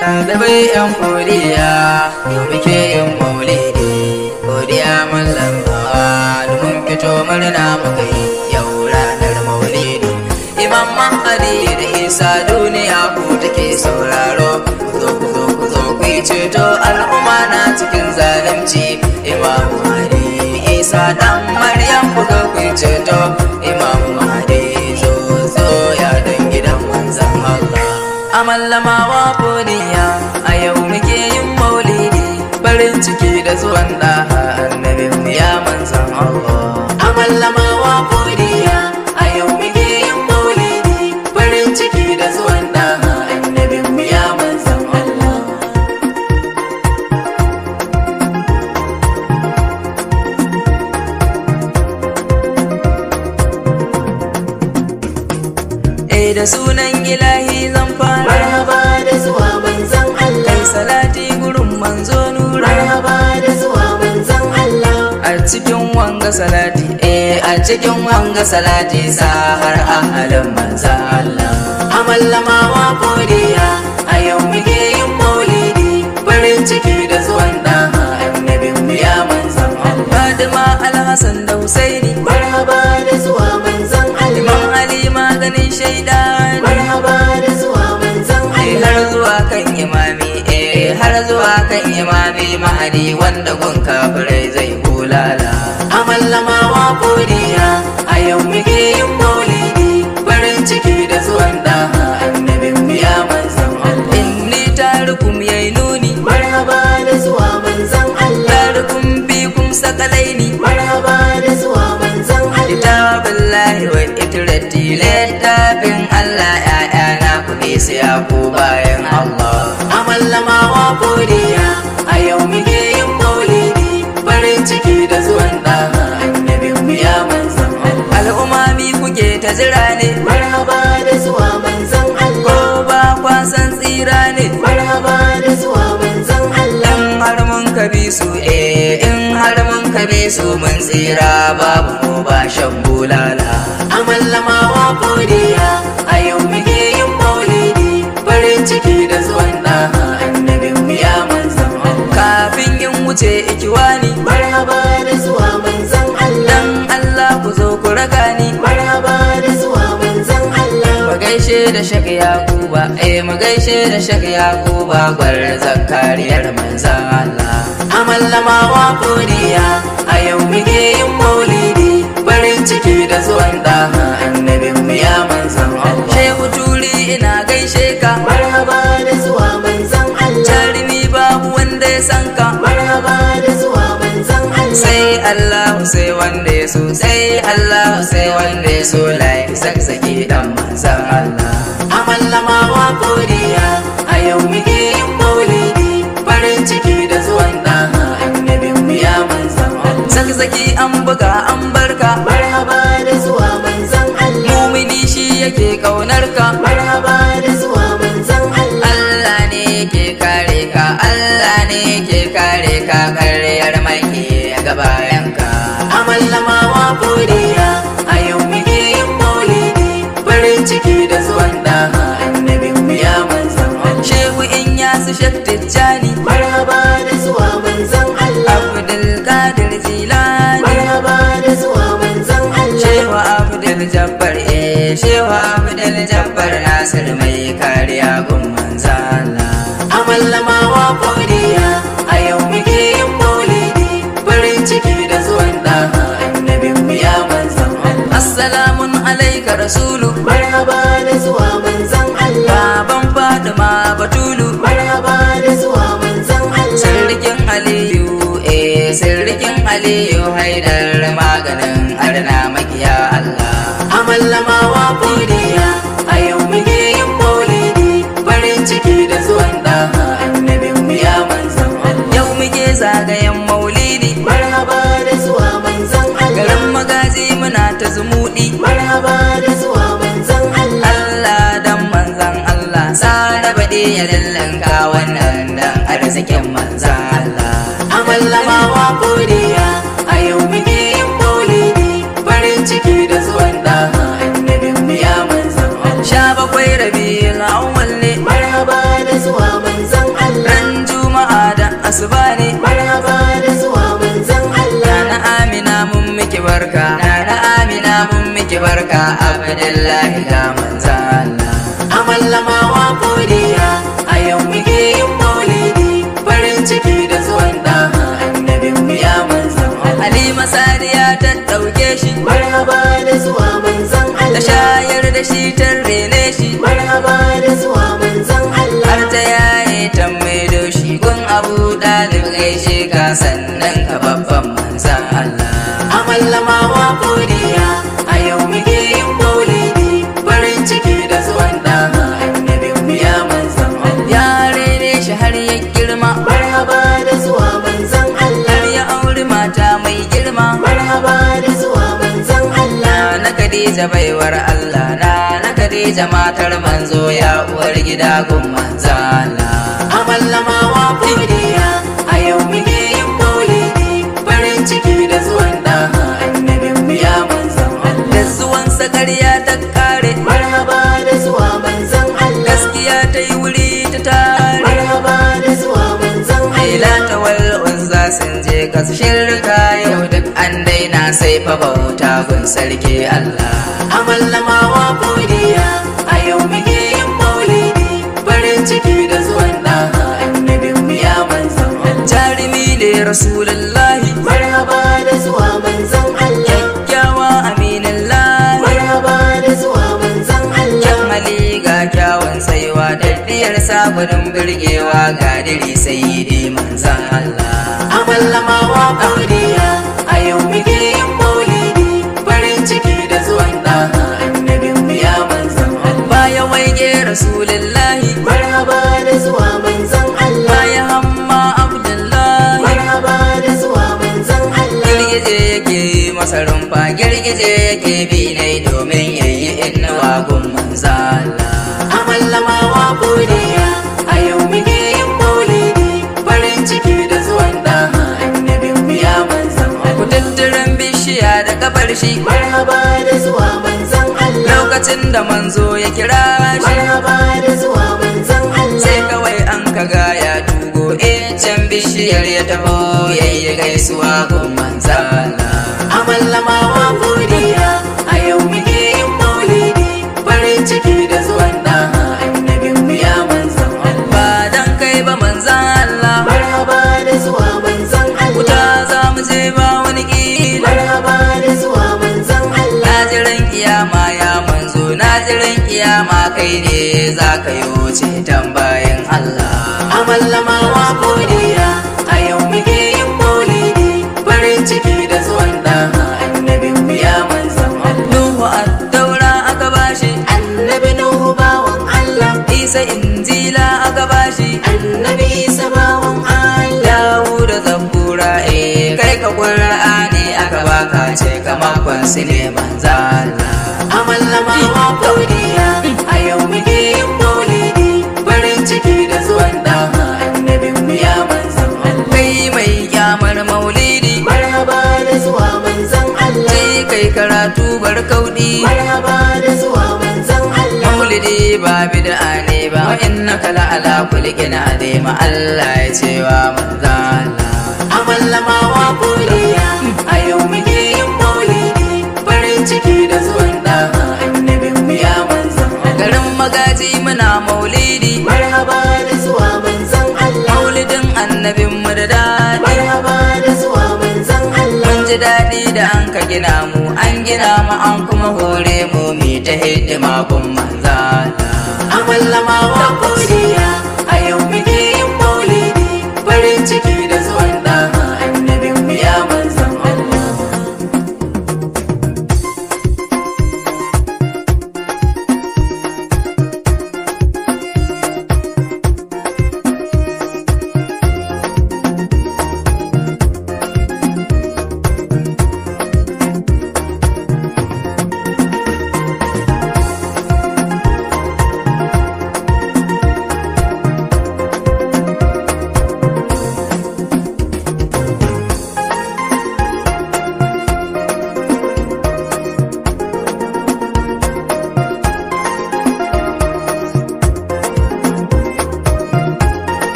ɗalibai yan koriya yau muke yin maulidi godiya mun lambawa domin fito murna muka yi yau ranar maulidi imam mahadi da isa duniya ku take sauraro zo ku zo ku zo ku yi ceto al'umma na cikin zalunci imam mahadi isa dan maryam ku zo ku yi ceto imam mahadi zo zo ya dan gidan manzan Allah amallamawa ya. cikin wanga salati sa har ahalin manza Allah amallamawa godiya a yau muke yin maulidi farin ciki da zuwan da annabin ya manzan Allah Fatima Alhassan da Husaini marhaba da zuwa manzan Allah Imam Ali maganin shaida marhaba da zuwa manzan Allah eh, har zuwa kan imami eh har zuwa kan imami mahadi wanda gunka kafirai zai bulala mallamawa godiya bige yin maulidi farin ciki da zuwan da annabin ya manzan Allah ne tarukum yayi nuni marhaba da zuwa manzan Allah tarukum bi kum sakalaini marhaba da zuwa manzan Allah kitabullahi wa itratila tafin Allah ya'yana ku ne sai ku su mun tsira babu mu ba shan bulala a mallamawa godiya a yau muke yin maulidi farin ciki da zuwan ɗa annabin mu ya zama. kafin yin wuce ikiwani marhaba da gaishe da shak yakuba eh mu gaishe da shak yakuba gwar zakariyar manzan Allah amallama wa koriya a yau muke yin maulidi farin ciki da zuwan da annabin mu ya manzan Allah shehu turi ina gaishe ka marhaba da zuwa manzan Allah jarumi babu wanda ya san ka marhaba sai Allah sai wanda ya so sai Allah sai wanda ya so lai saksake dan manzan Allah amallama wa godiya a yau muke yin maulidi farin ciki da zuwan dan annabin mu ya manzan Allah saksake an buga an barka marhaba da zuwa manzan Allah mumini shi yake kaunar ka daga bayanka amal lamawa buriya a yau muke yin maulidi farin ciki da zuwan da annabi mu ya manzan Allah shehu in ya su shattijani marhaba da zuwa manzan Allah abdul qadir jilani marhaba da zuwa manzan Allah shehu abdul jabbar eh shehu abdul jabbar nasir mai kariya gumma rasulu marhaba da zuwa manzan Allah baban Fatima Batulu marhaba da zuwa manzan Allah sirrikin Aliyu eh sirrikin Aliyu haidar tafarkin manzala amal lamawa koriya a yau muke yin maulidi farin ciki da zuwan da annabin mu ya manzan Allah sha bakwai rabiul awwal ne marhaba da zuwa manzan Allah ran juma'a da asuba ne marhaba da zuwa manzan Allah na amina mun miki barka na amina mun miki barka abdullahi da manzan da shi ta rene shi marhaba da zuwa manzan Allah har ta yaye ta shi gun abu dalib gaishe ka sannan ka babban manzan Allah amallama wa godiya a yau muke yin maulidi farin ciki da zuwan da annabin mu ya manzan Allah ya rene shi har ya girma marhaba da zuwa manzan Allah ya auri mata mai girma marhaba da zuwa manzan Allah na Khadija baiwar Allah Khadija matar manzo ya uwar gida gun manzana. Amallamawa furiya a yau muke yin maulidi farin ciki da zuwan da annabin mu ya manzan Allah. Da zuwan sakarya ta kare. Marhaba da zuwa manzan Allah. Gaskiya ta yi wuri ta tare. Marhaba da zuwa manzan Allah. Haila ta wal'un za sun je kasu shirka yau duk an daina sai fa bauta gun sarki Allah. Amallamawa furiya. rasulullahi marhaba da zuwa manzon Allah kyakkyawa aminallahi marhaba da zuwa manzon Allah kyan hali ga kyawun tsayuwa daddiyar sabunin birgewa ga diri sayyidi manzon Allah amallama wa kauri masarin fa girgije yake bi ne domin yayi innawa gun manza Allah amallama wa godiya a yau muke yin maulidi farin ciki da zuwan da annabin mu ya manzan Allah ku tattaran bishiya da kabar shi marhaba da zuwa manzan Allah lokacin da manzo ya kira shi marhaba da zuwa manzan Allah sai kawai an kaga ya tugo eh can bishiyar ya taho yayi gaisuwa gun manzan kiyama kai ne za ka yi wuce tambayin Allah. A wa godiya a yau muke yin maulidi farin ciki da zuwan da annabin ya manzan Allah. Nuhu a daura aka bashi annabi Nuhu bawan Allah. Isa injila aka bashi annabi Isa bawan Allah. Dawo da zabura eh kai ka ne aka baka ce ka makon su ne manzan Allah. A wa godiya. zaɓi marhaba da zuwa manzan Allah maulidi ba bid'a ne ba wa inna kala ala kulli azima Allah ya ce wa manzan Allah amallama wa kuriya a yau muke yin maulidi farin ciki da zuwan da annabin mu ya manzan Allah garin magaji muna maulidi marhaba da zuwa manzan Allah maulidin annabin mu da daɗi marhaba da zuwa manzan Allah mun ji daɗi da an ka gina mu gina ma an kuma hore mu mi ta hidima kun manzana. Amallama wa ko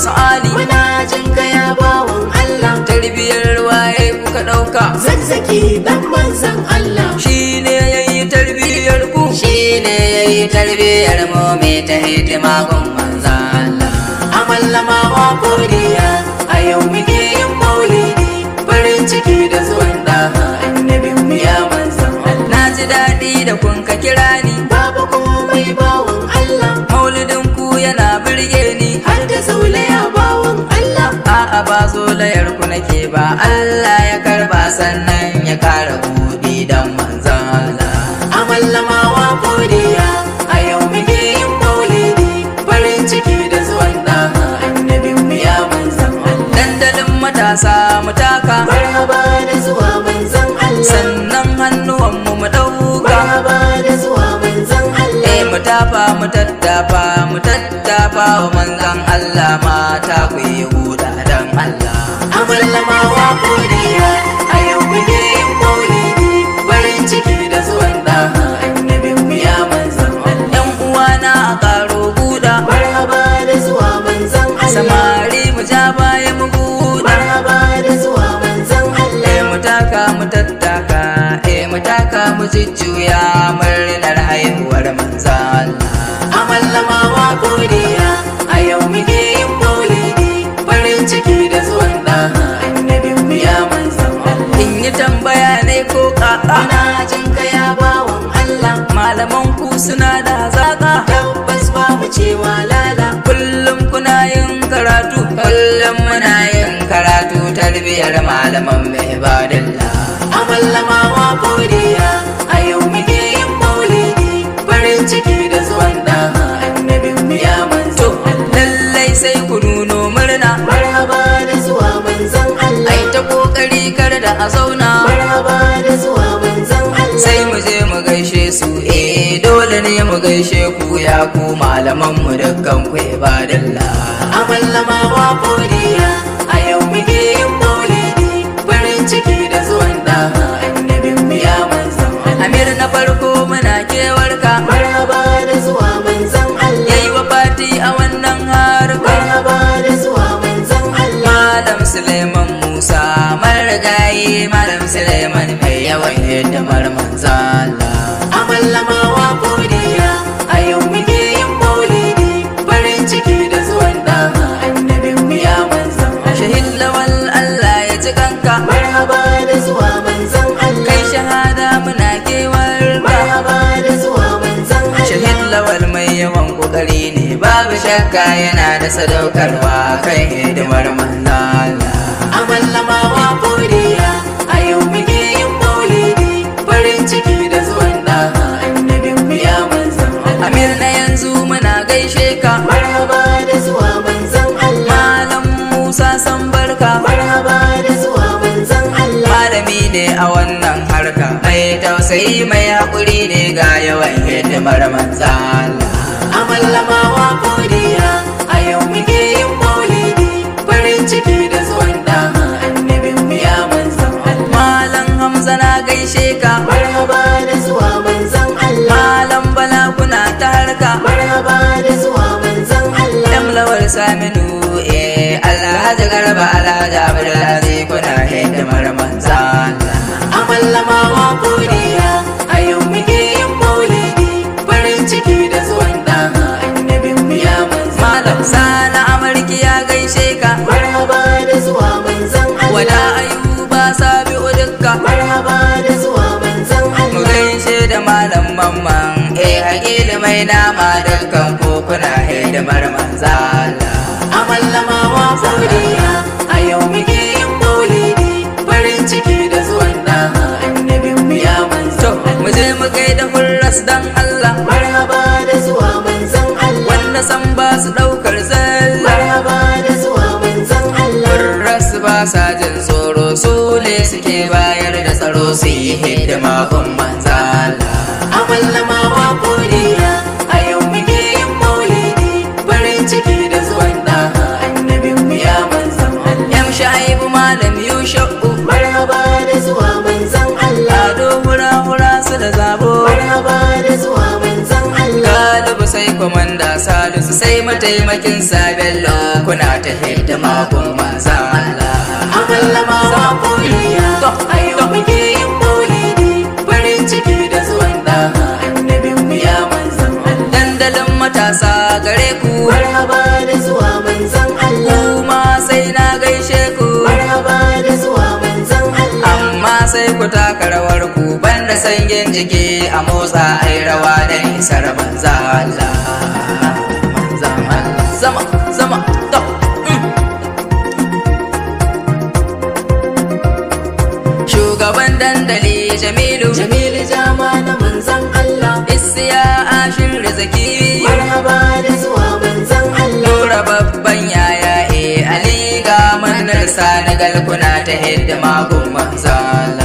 su ali muna jin kaya bawan Allah tarbiyar waye kuka dauka zazzaki dan manzan Allah shine yayi tarbiyar ku shine yayi tarbiyar mu me ta hidima gun manzan Allah lama wa godiya a muke yin maulidi farin ciki da zuwan da annabi mu ya manzan Allah na ji daɗi da kun ka kira ni babu komai bawan Allah maulidin ku yana birge ni har da zaule ba zo layar ku nake ba Allah ya karba sannan ya kara buɗi dan manzan Allah wa godiya a yau muke yin maulidi farin ciki da zuwan da annabi mu ya manzan Allah dandalin matasa mu taka marhaba da zuwa manzan Allah sannan hannuwan mu mu dauka marhaba da zuwa manzan Allah eh mu tafa mu tattafa mu tattafa ba manzan Allah mata ku yi huda dan Allah. Amin wa godiya a yau kuke yin maulidi farin ciki da zuwan da annabi mu ya manzan Allah. Yan na a karo guda. Marhaba da zuwa manzan Allah. Samari mu ja baya mu guda. Marhaba da zuwa manzan Allah. Eh mu taka mu tattaka eh mu taka mu jujjuya murnar haihuwar manzan Allah. suna da zaka tabbas babu cewa lala kullum kuna yin karatu kullum muna yin karatu tarbiyar malaman mai badalla a mallamawa godiya a yau muke yin maulidi farin ciki da zuwan da annabin mu ya manzo lallai sai ku nuno murna marhaba da zuwa manzon Allah ai ta kokari kar da a zauna dole ne mu gaishe ku ya ku malaman mu dukkan ku ibadalla amal wa godiya a yau muke yin maulidi farin ciki da zuwan da annabin mu ya manzan amir na farko muna kewar ka marhaba da zuwa manzan Allah yayi fati a wannan harka marhaba da zuwa manzan Allah malam Suleiman Musa marigayi malam Suleiman mai yawan yadda manzan Allah shakka yana da sadaukarwa kan hidimar manzala a mallamawa buriya a yau muke yin maulidi farin ciki da zuwan da annabin biya manzan Allah amir na yanzu muna gaishe ka marhaba da zuwa manzan Allah malam Musa san barka marhaba da zuwa manzan Allah malami ne a wannan harka mai tausayi mai hakuri ne ga yawan hidimar manzala a mallamawa saminu eh Allah ya garba Allah ya zai kuna zan Amalla ma wa kuriya a yau muke yin maulidi farin ciki da zuwan dan annabi mu ya manzan malam sana amarki ya gaishe ka marhaba da zuwa manzan Allah wala ayuba sabi dukka marhaba da zuwa manzan Allah mu gaishe da malam mamma shaƙi mai nama dukkan ku kuna hidimar manza Allah. A mallamawa furiya a yau muke yin maulidi farin ciki da zuwan ɗan annabin mu ya manzo. Mu je mu gaida hurras dan Allah. Marhaba da zuwa manzan Allah. Wanda san ba su ɗaukar zalla. Marhaba da zuwa manzan Allah. Hurras ba sa jin tsoro su ne suke bayar da tsaro su yi hidima kun manza salisu sai mataimakin sabon kuna ta hidima kun maza Allah. ma wa kuliya, to ayo muke yin ne. farin ciki da zuwan da annabin mu ya manzan Allah. Dandalin matasa gare ku. Marhaba da zuwa manzan Allah. Kuma sai na gaishe ku. Marhaba da zuwa manzan Allah. Amma sai ku taka rawar ku banda sanyin jiki a motsa ai rawa dan isar manzan Allah. zama zama da mm. shugaban dandali jamilu jamilu jama na manzan Allah ya ashin rizaki marhaba da zuwa manzan Allah dora babban yaya eh ali ga manar sa na galkuna ta hidda magun manzan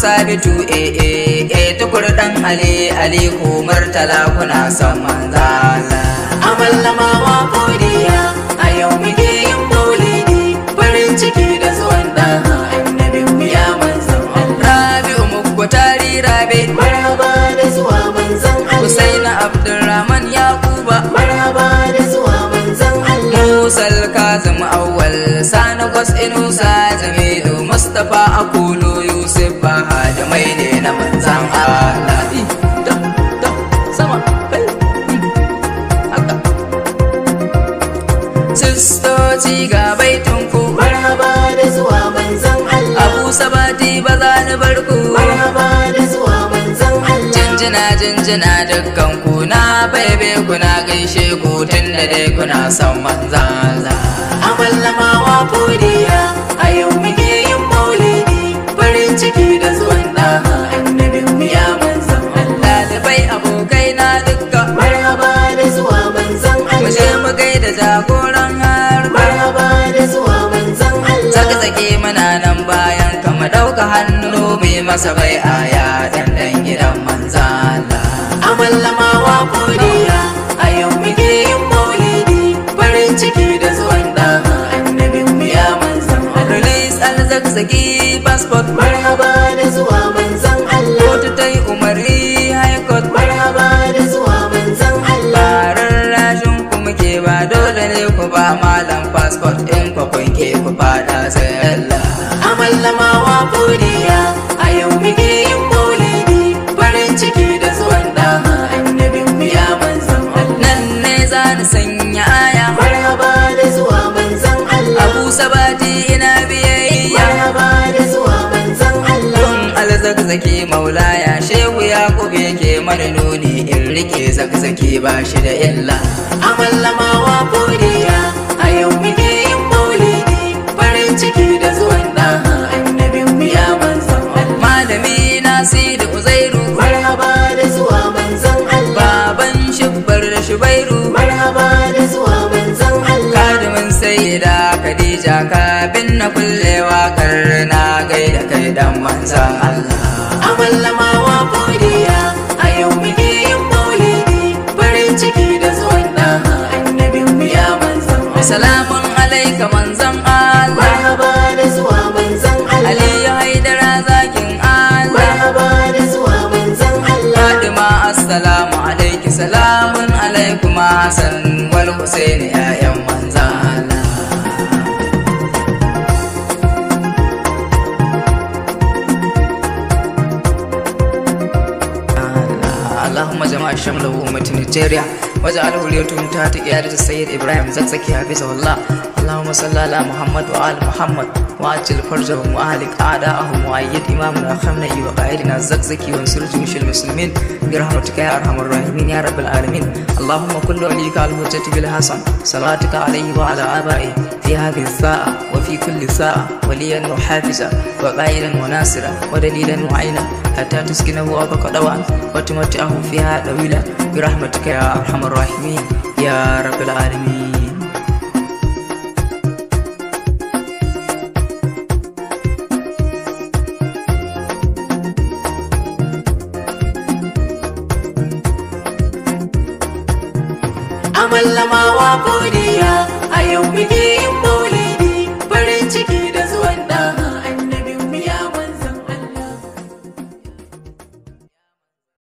sabitu e eh, e eh, e eh, tukur dan ali ali umar talakuna san manza Allah amallama wa godiya a yau muke yin maulidi farin ciki da zuwan da annabi mu ya manzan Allah rabi ko tari rabi marhaba da zuwa manzan Allah Husaina Abdurrahman Yakuba marhaba da zuwa manzan Allah Musal Kazim Awwal Sani Gwas Inusa Jamilu Mustafa Aku makamai ne na manzan Allah hmm, Sistoci ga baitun ku Marhaba da zuwa manzan Allah Abu sabati ba za ni bar ku Marhaba da zuwa manzan Allah Jinjina jinjina dukkan ku na baibe ku na gaishe ku tun da dai kuna son manzan Allah Amallama wa podiya da jagoran harba marhaba da zuwa manzan Allah saka sake mana nan bayan kama ɗauka hannu mai masa bai aya dan dan gidan manzan Allah amallama wa godiya a yau muke yin maulidi farin ciki da zuwan dan annabin mu ya manzan Allah release alzak saki passport marhaba da zuwa manzan fasfot ɗin kwakwai ke ku fada sai Allah. Amal lamawa godiya a yau muke yin maulidi farin ciki da zuwan dama annabin biya manzan Allah. Nan ne za ni sanya aya. Marhaba da zuwa manzan Allah. Abu sabati ina biyayya. Marhaba da zuwa manzan Allah. Tun alzakzaki maulaya shehu ya kube ke mana nuni in rike zakzaki ba shi da illa. Amal lamawa shubairu marhaba da zuwa manzan Allah kadimin sayyida Khadija ka binna kullewa karna gaida kai dan manzan Allah wa godiya a yau muke yin maulidi farin ciki da zuwan da annabi. mu ya manzan Allah salamun alayka manzan Allah marhaba da zuwa manzan Allah Ali Haidara zakin Allah marhaba da zuwa manzan Allah Fatima assalamu alayki salamun kuma san walo sai ne ƴaƴan manza Allahumma jama'a shamla wa Nigeria wajen alhuriyar tun ta ta iya da Sayyid Ibrahim zakzaki ya bisa wallah اللهم صل على محمد وآل محمد وعجل فرجهم وأهلك أعداءهم وأيد إمامنا خمني وقائلنا الزقزقي وانصر جيوش المسلمين برحمتك يا أرحم الراحمين يا رب العالمين اللهم كل عليك الحجة بالحسن صلاتك عليه وعلى آبائه في هذه الساعة وفي كل ساعة وليا وحافزا وقائلا وناصرا ودليلا وعينا حتى تسكنه أرضك دوعا وتمتعه فيها طويلا برحمتك يا أرحم الراحمين يا رب العالمين godiya a yau biki